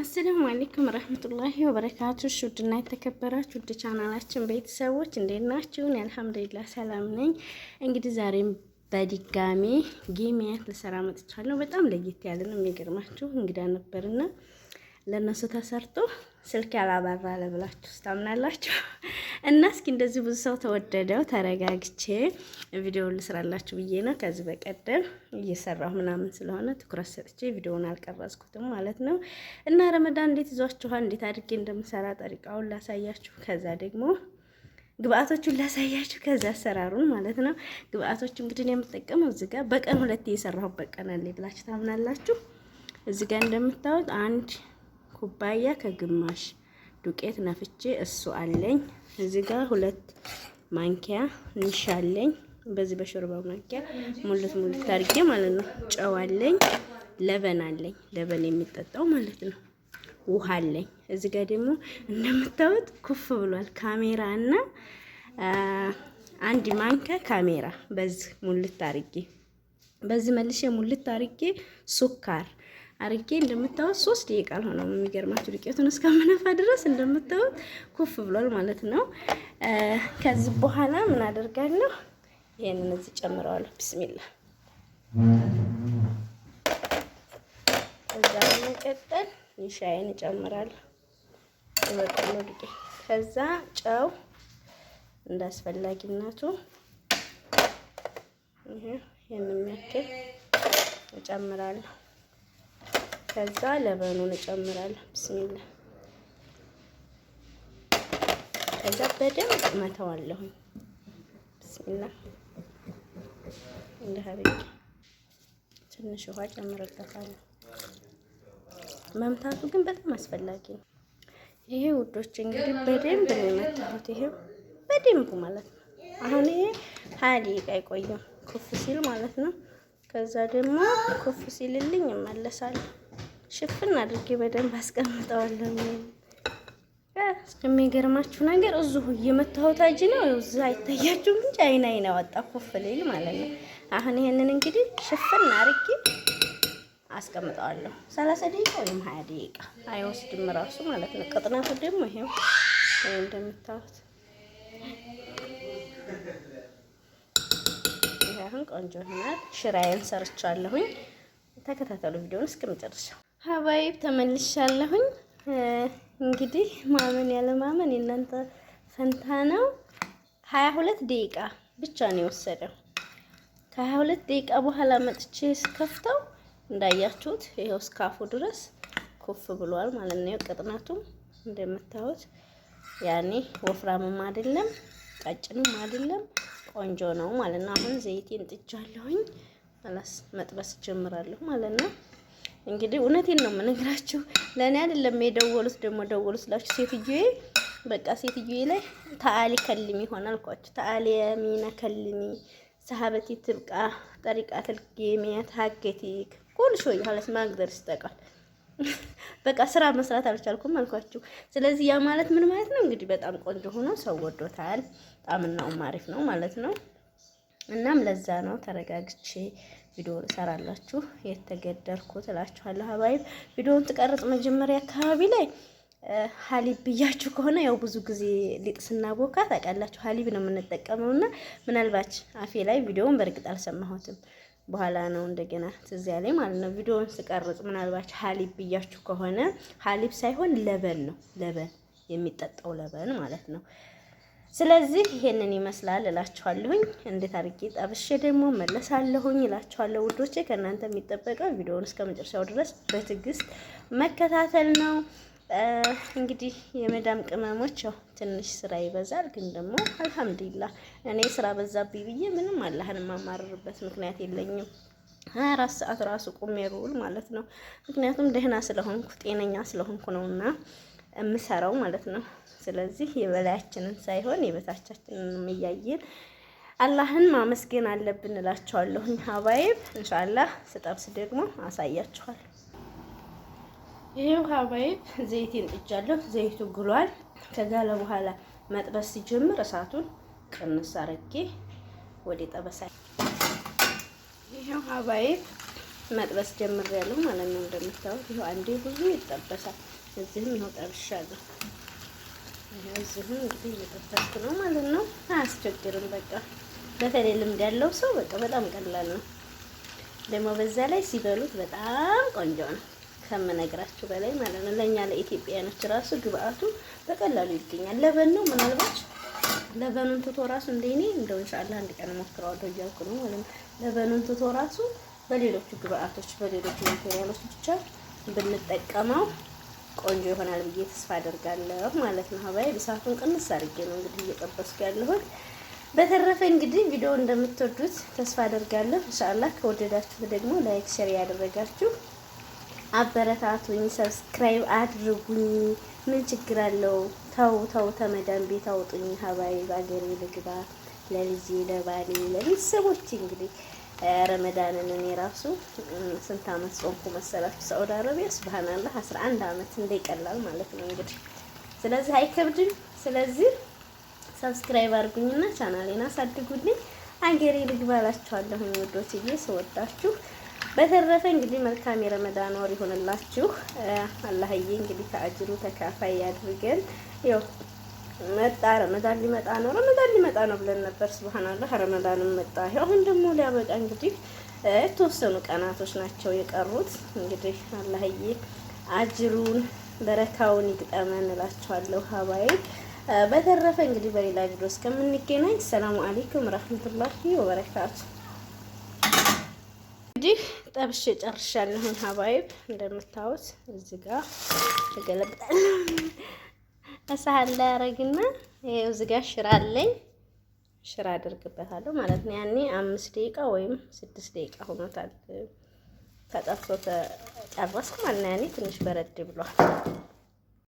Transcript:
አሰላሙ አለይኩም ረህመቱላሂ ወበረካቱ። ውድና የተከበራችሁ ውድ ቻናላችን ቤተሰቦች እንዴት ናችሁን? አልሐምዱሊላህ ሰላም ነኝ። እንግዲህ ዛሬም በድጋሚ ጌሚያት ልሰራ መጥቻለሁ። በጣም ለየት ያለ ነው የሚገርማችሁ። እንግዳ ነበርና ለእነሱ ተሰርቶ ስልክ ያላበራ ለብላችሁ ስታምናላችሁ እና እስኪ እንደዚህ ብዙ ሰው ተወደደው ተረጋግቼ ቪዲዮ ልስራላችሁ ብዬ ነው። ከዚህ በቀደም እየሰራሁ ምናምን ስለሆነ ትኩረት ሰጥቼ ቪዲዮውን አልቀረጽኩትም ማለት ነው። እና ረመዳን እንዴት ይዟችኋል? እንዴት አድርጌ እንደምሰራ ጠሪቃውን ላሳያችሁ፣ ከዛ ደግሞ ግብአቶቹን ላሳያችሁ ከዛ አሰራሩን ማለት ነው። ግብአቶቹ እንግዲህ የምጠቀመው እዚህ ጋር በቀን ሁለት እየሰራሁበት ቀን አለ ብላችሁ ታምናላችሁ። እዚህ ጋር እንደምታዩት አንድ ኩባያ ከግማሽ ዱቄት ነፍቼ እሱ አለኝ። እዚህ ጋር ሁለት ማንኪያ ንሻለኝ። በዚህ በሾርባ ማንኪያ ሙሉት ሙሉት አድርጌ ማለት ነው። ጨው አለኝ፣ ለበን አለኝ፣ ለበን የሚጠጣው ማለት ነው። ውሃ አለኝ። እዚህ ጋር ደግሞ እንደምታዩት ኩፍ ብሏል ካሜራ እና አንድ ማንኪያ ካሜራ በዚህ ሙሉት አድርጌ በዚህ መልሼ ሙልት አድርጌ ሱካር አርጌ እንደምታዩት ሶስት ደቂቃ አልሆነው የሚገርማችሁ ዱቄቱን እስከምነፋ ድረስ እንደምታዩት ኩፍ ብሏል ማለት ነው። ከዚህ በኋላ ምን አደርጋለሁ? ይሄንን እዚህ ጨምረዋለሁ። ብስሚላ ከዛ መቀጠል ሻይን እጨምራለሁ። የበቆሎ ዱቄት ከዛ ጨው እንዳስፈላጊነቱ ይሄን የሚያክል እጨምራለሁ። ከዛ ለበኑን እጨምራለሁ። ብስሚላ ከዛ በደንብ መተዋለሁ። ብስሚላ እንደ ሀብዬ ትንሽ ውሃ ጨምርበታለሁ። መምታቱ ግን በጣም አስፈላጊ ነው። ይሄ ውዶች እንግዲህ በደንብ ነው የመታሁት። ይሄ በደንቡ ማለት ነው። አሁን ይሄ ሀያ ደቂቃ አይቆይም ኩፍ ሲል ማለት ነው። ከዛ ደግሞ ኩፍ ሲልልኝ እመለሳለሁ። ሽፍን አድርጌ በደንብ አስቀምጠዋለሁ። የሚገርማችሁ ነገር እዚሁ እየመታሁት አጅ ነው እዛ አይታያችሁ እንጂ አይን አይና ወጣ ኮፍሌል ማለት ነው። አሁን ይሄንን እንግዲህ ሽፍን አድርጌ አስቀምጠዋለሁ። ሰላሳ ደቂቃ ወይም ሀያ ደቂቃ አይወስድም ራሱ ማለት ነው። ቅጥነቱ ደግሞ ይሄው እንደምታዩት ይሄ አሁን ቆንጆ ሆናል። ሽራዬን ሰርቻለሁኝ። ተከታተሉ ቪዲዮውን እስከ መጨረሻው ሀባይብ ተመልሻለሁኝ። እንግዲህ ማመን ያለ ማመን የእናንተ ፈንታ ነው። ሀያ ሁለት ደቂቃ ብቻ ነው የወሰደው። ከሀያ ሁለት ደቂቃ በኋላ መጥቼ ስከፍተው እንዳያችሁት ይኸው እስካፉ ድረስ ኩፍ ብሏል ማለት ነው። ቅጥነቱም እንደምታዩት ያኔ ወፍራምም አይደለም ቀጭንም አይደለም ቆንጆ ነው ማለት ነው። አሁን ዘይቴን ጥጃለሁኝ መጥበስ ጀምራለሁ ማለት ነው። እንግዲህ እውነቴን ነው የምነግራችሁ። ለእኔ አይደለም የደወሉት። ደግሞ ደወሉ ስላችሁ ሴትዬ በቃ ሴትዬ ላይ ተአሊ ከልሚ ይሆናል አልኳችሁ። ተአሊ የሚና ከልሚ ሰሃበቲ ትብቃ ጠሪቃት ልጌሚያት ሀገቲክ ኩል ሾይ ሀለስ ማግደር ይስጠቃል። በቃ ስራ መስራት አልቻልኩም አልኳችሁ። ስለዚህ ያ ማለት ምን ማለት ነው? እንግዲህ በጣም ቆንጆ ሆኖ ሰው ወዶታል። ጣምናውም አሪፍ ነው ማለት ነው። እናም ለዛ ነው ተረጋግቼ ቪዲዮ እሰራላችሁ የተገደርኩት እላችኋለሁ። ሀባይብ ቪዲዮውን ትቀርጽ መጀመሪያ አካባቢ ላይ ሀሊብ ብያችሁ ከሆነ ያው ብዙ ጊዜ ሊጥ ስናቦካ ታውቃላችሁ ሀሊብ ነው የምንጠቀመው እና ምናልባች አፌ ላይ ቪዲዮውን በእርግጥ አልሰማሁትም በኋላ ነው እንደገና ትዝ ያለኝ ማለት ነው። ቪዲዮውን ስቀርጽ ምናልባች ሀሊብ ብያችሁ ከሆነ ሀሊብ ሳይሆን ለበን ነው ለበን የሚጠጣው ለበን ማለት ነው። ስለዚህ ይሄንን ይመስላል እላችኋለሁኝ። እንዴት አድርጌ ጠብሼ ደግሞ መለሳለሁኝ እላችኋለሁ ውዶቼ። ከእናንተ የሚጠበቀው ቪዲዮውን እስከ መጨረሻው ድረስ በትዕግስት መከታተል ነው። እንግዲህ የመዳም ቅመሞች ያው ትንሽ ስራ ይበዛል፣ ግን ደግሞ አልሐምዱሊላህ እኔ ስራ በዛብኝ ብዬ ምንም አላህን የማማርርበት ምክንያት የለኝም። ሀያ አራት ሰዓት ራሱ ቁሜ ሩል ማለት ነው። ምክንያቱም ደህና ስለሆንኩ ጤነኛ ስለሆንኩ ነውና የምሰራው ማለት ነው። ስለዚህ የበላያችንን ሳይሆን የበታቻችንን እያየን አላህን ማመስገን አለብን እላችኋለሁ። ሀባይብ እንሻላህ ስጠብስ ደግሞ አሳያችኋል። ይሄው ሀባይብ ዘይቴን ጥጃለሁ። ዘይቱ ጉሏል። ከጋለ በኋላ መጥበስ ሲጀምር እሳቱን ቅንስ አድርጌ ወደ ጠበሳ ይሄው ሀባይብ መጥበስ ጀምሬያለሁ ማለት ነው። እንደምታዩት ይሄው አንዴ ብዙ ይጠበሳል። እዚህም ይኸው ጠብሻለሁ። እዚህም እንግዲህ እየጠበስኩ ነው ማለት ነው። አያስቸግርም። በቃ በተለይ ልምድ ያለው ሰው በቃ በጣም ቀላል ነው። ደግሞ በዛ ላይ ሲበሉት በጣም ቆንጆ ነው ከምነግራችሁ በላይ ማለት ነው። ለእኛ ለኢትዮጵያኖች ራሱ ግብአቱ በቀላሉ ይገኛል። ለበን ነው ምናልባት ለበኑን ትቶ ራሱ እንደኔ እንደው ኢንሻአላህ አንድ ቀን ሞክረዋለሁ እያልኩ ነው ማለት ነው። ለበኑን ትቶ ራሱ በሌሎቹ ግብአቶች በሌሎቹ ማቴሪያሎች ብቻ ብንጠቀመው ቆንጆ ይሆናል ብዬ ተስፋ አደርጋለሁ ማለት ነው። ሀባይ እሳቱን ቅንስ አድርጌ ነው እንግዲህ እየጠበስኩ ያለሁት። በተረፈ እንግዲህ ቪዲዮ እንደምትወዱት ተስፋ አደርጋለሁ። ኢንሻአላህ ከወደዳችሁ ደግሞ ላይክ፣ ሼር ያደረጋችሁ አበረታቱኝ፣ ሰብስክራይብ አድርጉኝ። ምን ችግር አለው? ተው ተው ተመዳን ቤት አውጡኝ። ሀባይ ባገሬ ልግባ ለልጄ ለባሌ ለቤተሰቦች እንግዲህ ረመዳንን እኔ ራሱ ስንት አመት ጾምኩ መሰላችሁ? ሳዑዲ አረቢያ ሱብሃንአላህ 11 አመት እንደይቀላል ማለት ነው እንግዲህ። ስለዚህ አይከብድም። ስለዚህ ሰብስክራይብ አድርጉኝና ቻናሌን አሳድጉልኝ። አገሬ ልግባላችኋለሁ እላችኋለሁ ስወዳችሁ። በተረፈ እንግዲህ መልካም የረመዳን ወር ይሆንላችሁ። አላህዬ እንግዲህ ከአጅሩ ተካፋይ ያድርገን። መጣ ረመዳን ሊመጣ ነው፣ ረመዳን ሊመጣ ነው ብለን ነበር። ስብሃንአላህ ረመዳንም መጣ። አሁን ደግሞ ሊያበቃ እንግዲህ የተወሰኑ ቀናቶች ናቸው የቀሩት። እንግዲህ አላህዬ አጅሩን በረካውን ይግጠመን እላችኋለሁ ሀባይ። በተረፈ እንግዲህ በሌላ ቪዲዮ እስከምንገናኝ ሰላም አለይኩም ረህመቱላሂ ወበረካቱ። እንግዲህ ጠብሼ ጨርሻለሁን ሀባይብ እንደምታዩት እዚህ ጋር ተገለብጣለሁ። እሳህን ላይ አረግና ይኸው እዚህ ጋር ሽራ አለኝ ሽራ አድርግበታለሁ ማለት ነው። ያኔ አምስት ደቂቃ ወይም ስድስት ደቂቃ ሆኖታል ተጠፍቶ ተጨረሰ ማለት ነው። ያኔ ትንሽ በረድ ብሏል።